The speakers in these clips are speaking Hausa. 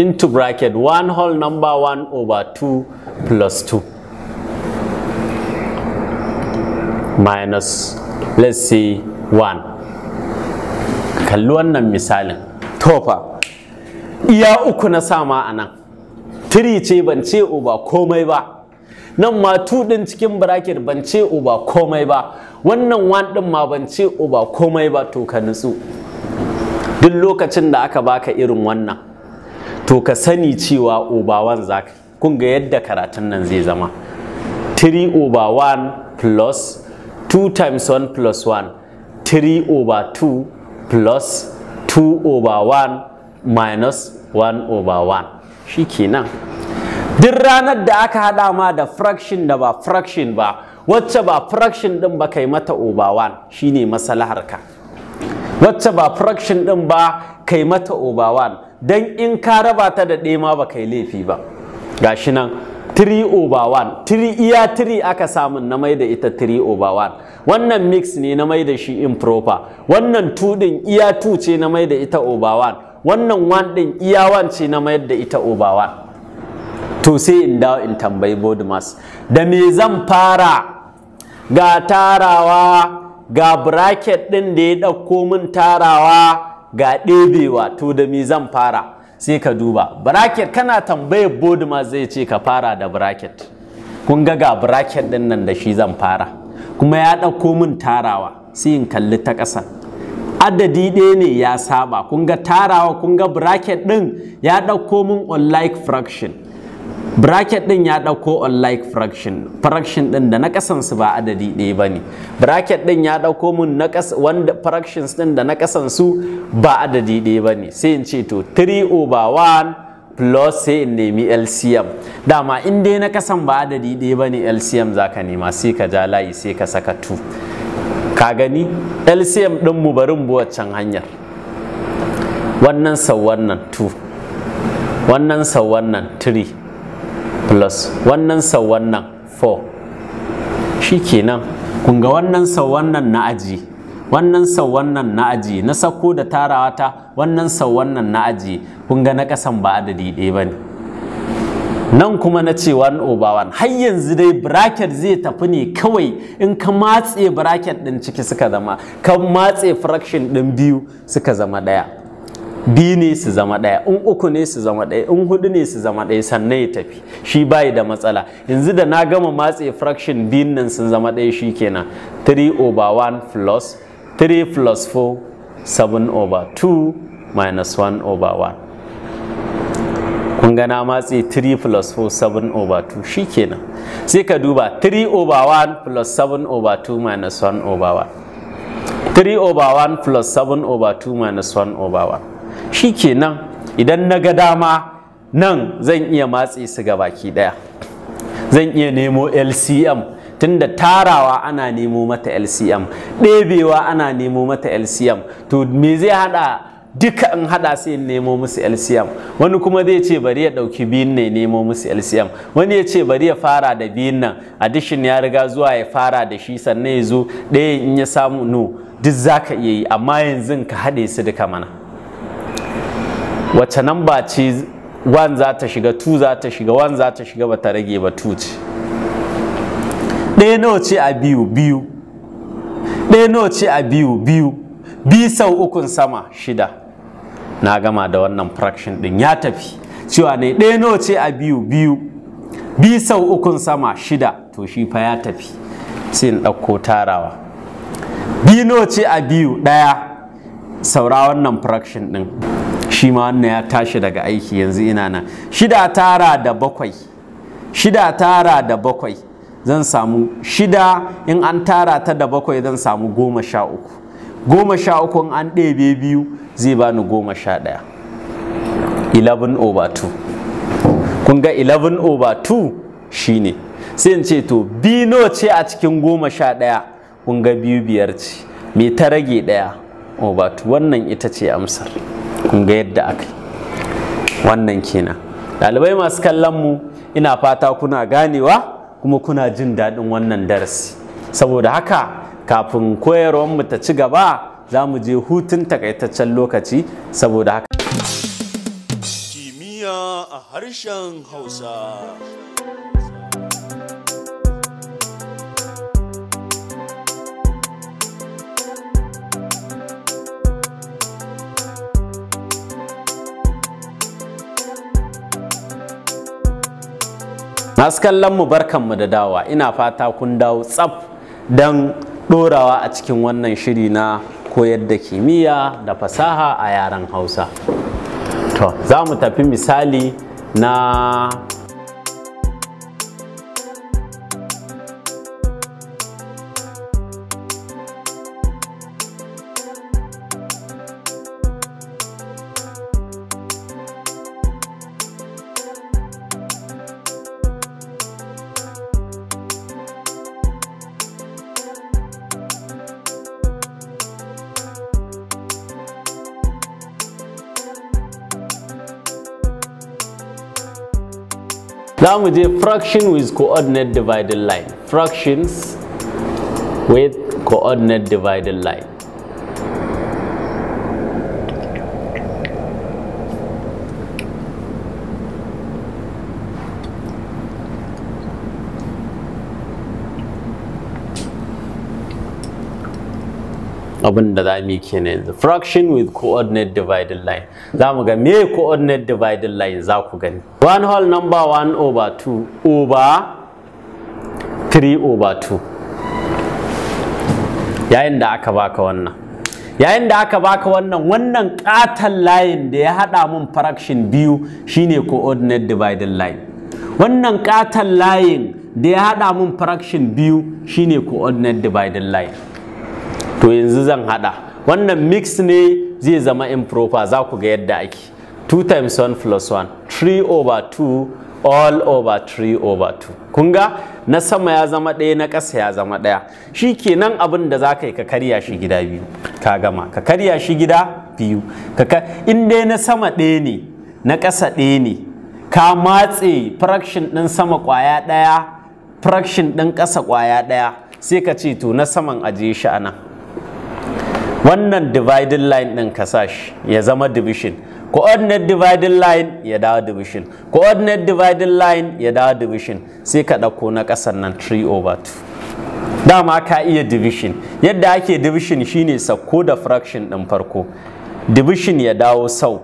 into bracket 1 whole number 1 over 2 plus 2 minus let's see 1 kalli wannan misalin tofa iya uku na sama anan 3 ce ban ce over komai ba nan ma 2 din cikin bracket ban ce over komai ba wannan 1 din ma ban ce over komai ba to ka nutsu duk lokacin da aka baka irin wannan to ka sani cewa obawan za ka kun ga yadda karatun nan zai zama 3 over 1 plus 2 times 1 plus 1 3 over 2 plus 2 over 1 minus 1 over 1 shi kenan duk ranar da aka hada ma da fraction da ba fraction ba wacce ba fraction din ba kai mata over 1 shine masalaharka wacce ba fraction din ba kai mata over 1 don in ka raba ta da ɗaya ma ba kai laifi ba gashi nan 3 over 1 iya 3 aka samun na mai da ita 3 over 1 wannan mix ne na mai da shi improper wannan 2 din iya 2 ce na mai da ita over 1 wannan 1 din iya 1 ce na mai da ita over 1 to sai in dawo in tambayi board mass da me zan fara ga tarawa ga bracket din da ya ɗauko min tarawa ga ɗebewa to da me zan fara sai ka duba bracket kana tambayar bodima zai ce ka fara da bracket kun ga ga bracket din nan da shi zan fara kuma ya ɗauko min tarawa sai in kalli ta ƙasa adadi ɗaya ne ya saba kun ga tarawa kun ga bracket ɗin ya ɗauko min unlike fraction bracket din ya dauko unlike fraction fraction din da na kasansu ba adadi ɗaya bane bracket din ya dauko mun na wanda fractions din da na kasansu ba adadi ɗaya bane sai in ce to 3 over 1 plus sai in nemi LCM dama in dai na kasan ba adadi ɗaya bane LCM za ka nema sai ka ja layi sai ka saka 2 ka gani LCM din mu barin bu wancan hanyar wannan sau wannan 2 wannan sau wannan 3 plus wannan sau wannan 4 shikenan kenan, kunga wannan sau wannan na aji wannan sau wannan na aji na sauko da tarawa ta wannan sau wannan na aji Kunga na kasan ba adadi ɗaya ba ne nan kuma na ce 1 over 1 har yanzu dai bracket zai tafi ne kawai in ka matse bracket ɗin ciki suka zama ka matse fraction ɗin biyu suka zama ɗaya biyu ne su zama ɗaya in uku ne su zama ɗaya in hudu ne su zama ɗaya sannan ya tafi shi bayi da matsala yanzu da na gama matse fraction biyun nan sun zama ɗaya shi kenan 3 over 1 plus 3 plus 4 7 over 2 minus 1 over 1 kun ga matse 3 plus 4 7 over 2 shi kenan sai ka duba 3 over 1 plus 7 over 2 minus 1 over 1 3 over 1 plus 7 over 2 minus 1 over 1 shi kenan idan na ga dama nan zan iya matse su ga baki ɗaya zan iya nemo lcm tunda tarawa ana nemo mata lcm ɗebewa ana nemo mata lcm to me zai hada duka in hada sai in nemo musu lcm wani kuma zai ce bari ya ɗauki biyun ne nemo musu lcm wani ya ce bari ya fara da biyun nan addition ya riga zuwa ya fara da shi sannan ya zo ɗaya in ya samu no duk zaka iya yi amma yanzu ka haɗe su duka mana wacce ba ce wan za ta shiga tu za ta shiga wan za ta shiga ba ta rage ba tu ce ɗaya nawa ce a biyu biyu ɗaya nawa ce a biyu biyu bi sau ukun sama shida na gama da wannan fraction ɗin ya tafi cewa ne ɗaya nawa ce a biyu biyu bi sau ukun sama shida to shi fa ya tafi sai in ɗauko tarawa bi nawa ce a biyu ɗaya saura wannan fraction ɗin shi ma wannan ya tashi daga aiki yanzu ina nan shida tara da bakwai shida tara da bakwai zan samu shida in an tara ta da bakwai zan samu goma sha uku goma sha uku in an ɗebe biyu zai bani goma sha ɗaya 11 over 2 kun ga 11 over 2 shine sai in ce to bino ce a cikin goma sha ɗaya kun ga biyu biyar ce me ta rage ɗaya over 2 wannan ita ce amsar kun ga yadda aka wannan kenan ɗalibai masu kallon mu ina fata kuna ganewa kuma kuna jin daɗin wannan darasi saboda haka kafin koyarwar mu ta ci gaba za mu je hutun takaitaccen lokaci saboda haka kimiyya a harshen hausa masu kallon mu barkanmu da dawa ina fata kun dawo tsaf don ɗorawa a cikin wannan shiri na koyar da kimiyya da fasaha a yaren hausa za mu tafi misali na Now we do fraction with coordinate divided line fractions with coordinate divided line abin da za mu yi kenan yanzu fraction with coordinate divided line za mu ga me coordinate divided line za ku gani one whole number 1 over 2 over 3 over 2 yayin da aka baka wannan yayin da aka baka wannan wannan katon layin da ya hada mun fraction biyu shine coordinate divided line wannan katon layin da ya hada mun fraction biyu shine coordinate divided line to yanzu zan hada wannan mix ne zai zama improper za ku ga yadda ake 2 times 1 plus 1 3 over 2 all over 3 over 2 kun ga na sama ya zama ɗaya na kasa ya zama ɗaya shi ke nan abin da za ka yi ka karya shi gida biyu ka gama ka karya shi gida biyu in dai na sama ɗaya ne na ƙasa ɗaya ne ka matse fraction ɗin sama ƙwaya ɗaya fraction ɗin ƙasa ƙwaya ɗaya sai ka ce to na saman ajiye shi a nan wannan dividing line ɗin ka shi ya zama division coordinate dividing line ya dawo division coordinate dividing line ya dawo division sai ka ɗauko na ƙasan nan 3 over 2 dama ka iya division yadda ake division shine sakko da fraction ɗin farko division ya dawo sau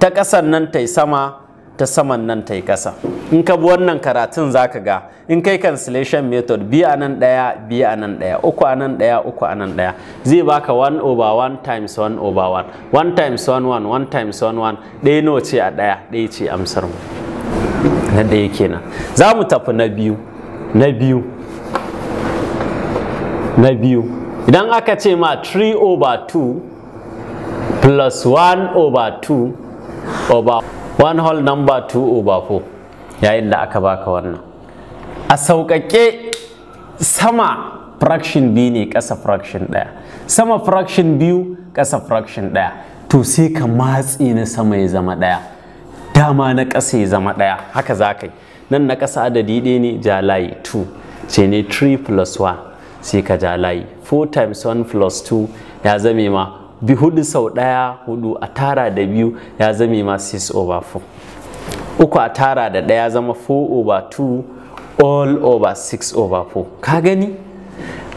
ta ƙasan nan ta sama ta saman nan ta yi ƙasa in ka bi wannan karatun za ka ga in kai cancellation method biya a nan ɗaya biya a nan ɗaya uku a nan ɗaya uku a nan ɗaya zai baka 1 over 1 times 1 over 1 1 times 1 1 1 times 1 1 ɗaya no ce a ɗaya ɗaya ce amsar mu na ɗaya kenan za mu tafi na biyu na biyu na biyu idan aka ce ma 3 over 2 plus 1 over 2 over 1 one whole number two over four yayin da aka baka wannan a sauƙaƙe sama fraction biyu ne ƙasa fraction ɗaya sama fraction biyu ƙasa fraction ɗaya to sai ka matsi na sama ya zama ɗaya dama na ƙasa ya zama ɗaya haka za ka yi nan na ƙasa adadi ɗaya ne ja layi 2 ce ne 3 plus 1 sai ka ja layi 4 times 1 plus 2 ya zame ma bi hudu sau ɗaya hudu a tara da biyu ya zame ma 6 over 4 uku a tara da ɗaya zama 4 over 2 all over 6 over 4 ka gani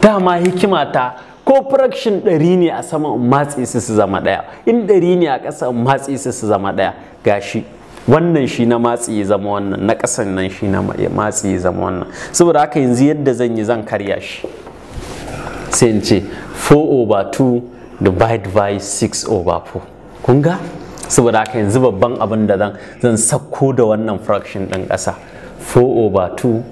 dama hikima ta ko fraction ɗari ne a sama matsi su su zama ɗaya in ɗari ne a ƙasa matsi su su zama ɗaya gashi wannan shi na matsi ya zama wannan na ƙasan nan shi na matsi ya zama wannan saboda haka yanzu yadda zan yi zan karya shi sai in ce 4 over 2 divide by 6 over 4 kun ga saboda haka yanzu babban abin da zan zan sakko da wannan fraction din ƙasa 4 over 2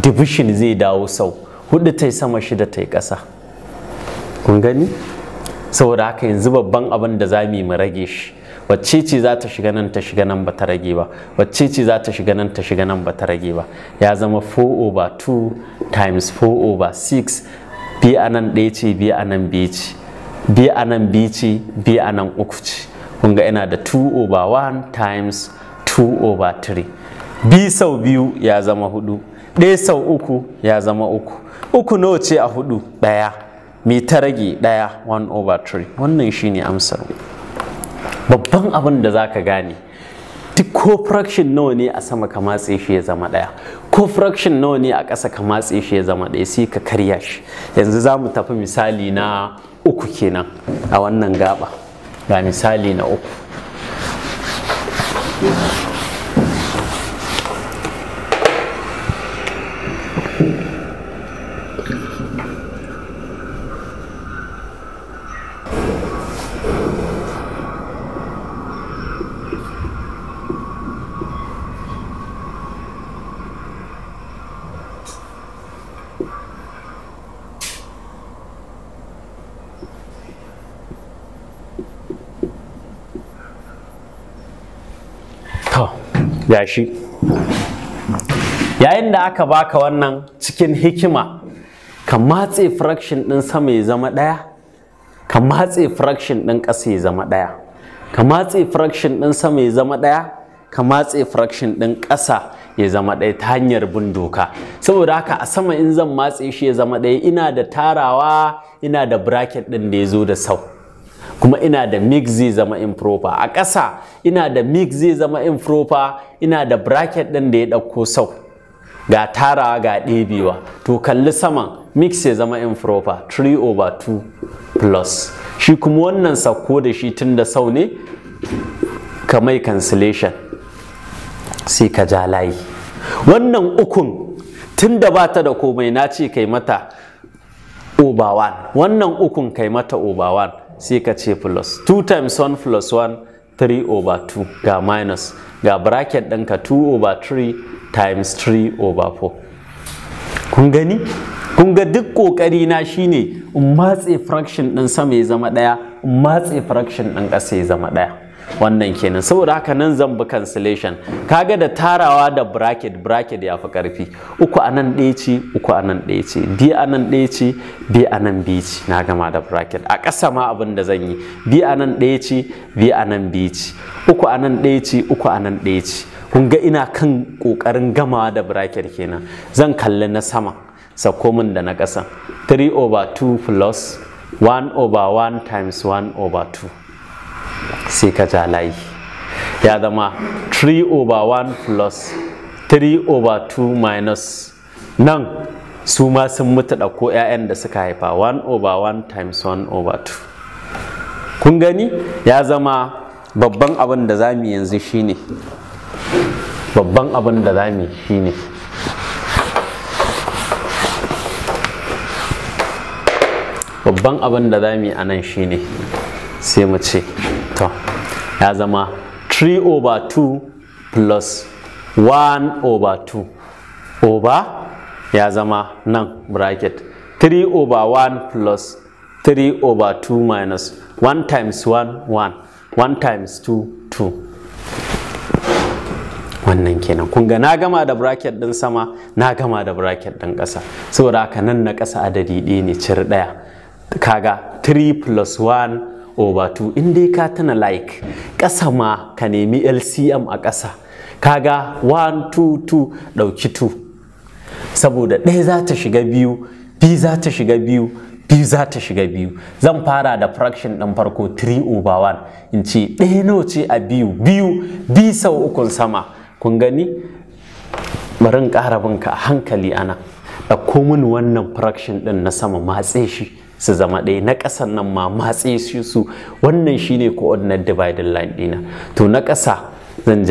division zai dawo sau hudu ta sama shida ta yi ƙasa kun gani saboda haka yanzu babban abin da za mu rage shi wacce ce za ta shiga nan ta shiga nan ba ta rage ba wacce ce za ta shiga nan ta shiga nan ba ta rage ba ya zama 4 over 2 times 4 over 6 biya nan ɗaya ce biya nan biyu ce bi a nan bici ce a nan uku ce Kunga ga yana da 2 over 1 times 2 over 3 Bi sau biyu ya zama hudu ɗaya sau uku ya zama uku uku nawa ce a hudu ɗaya mai ta rage ɗaya 1 over 3 wannan shi shine amsar babban abin da za ka gane duk ko fraction nawa ne a sama ka matse shi ya zama ɗaya ko fraction nawa ne a ƙasa ka matse shi ya zama ɗaya sai ka karya shi yanzu za mu tafi misali na uku kenan a wannan gaba ga misali na uku gashi yayin da aka baka wannan cikin hikima ka matse fraction ɗin sama ya zama ɗaya ka matse fraction ɗin ƙasa ya zama ɗaya ka matse fraction ɗin sama ya zama ɗaya ka matse fraction ɗin ƙasa ya zama ɗaya ta hanyar bin doka saboda haka a sama in zan matse shi ya zama ɗaya ina da tarawa ina da bracket ɗin da ya zo da sau kuma ina da mix zai zama improper a ƙasa ina da mix zai zama improper ina da bracket ɗin da ya ɗauko sau ga tarawa ga ɗebewa to kalli saman mix ya zama improper 3 over 2 plus shi kuma wannan sauko da shi tun da sau ne ka mai cancellation sai ka ja layi wannan ukun tun da ba ta da komai na ce kai mata over 1 wannan ukun kai mata over sai ka ce plus 2 times 1 plus 1 3 over 2 ga minus ga bracket ɗinka 2 over 3 times 3 over 4 kun gani kun ga duk ƙoƙari na shine in matse fraction ɗin sama ya zama ɗaya in matse fraction ɗin ƙasa ya zama ɗaya wannan kenan saboda haka nan zan bi cancellation kaga da tarawa da bracket bracket ya fi karfi uku a nan ɗaya ce uku a nan ɗaya ce b a nan ɗaya ce b a nan b ce na gama da bracket a ƙasa ma abin da zan yi b a nan ɗaya ce b a nan b ce uku a nan ɗaya ce uku a nan ɗaya ce kun ga ina kan ƙoƙarin gamawa da bracket kenan zan kalli na sama sako min da na ƙasa 3 over 2 plus 1 over 1 times 1 over 2 sai ka ja layi ya zama 3 over 1 plus 3 over 2 minus nan su ma sun mutu ɗauko 'ya'yan da suka haifa 1 over 1 times 1 over 2 kun gani ya zama babban abin da za mu yanzu shine babban abin da za mu yi shine babban abin da za mu yi a nan shine sai mu ce to ya zama 3 over 2 plus 1 over 2 over ya zama nan bracket 3 over 1 plus 3 over 2 minus 1 times 1 1 1 times 2 2 wannan kenan kun ga na gama da bracket din sama na gama da bracket din ƙasa saboda haka nan na ƙasa adadi ɗaya ne cir ɗaya kaga 3 plus 1 over 2 in dai ka tana like ƙasa ma ka nemi LCM a ƙasa kaga 1 2 2 ɗauki 2 saboda ɗaya za ta shiga biyu biyu za ta shiga biyu biyu za ta shiga biyu zan fara da fraction ɗin farko 3 over 1 in ce ɗaya nawa ce a biyu biyu bi sau ukun sama kun gani bari in ƙara binka a hankali ana ɗauko min wannan fraction ɗin na sama matse shi su zama ɗaya na ƙasan nan ma matse su wannan shine coordinate divided line ɗina to na ƙasa zan ja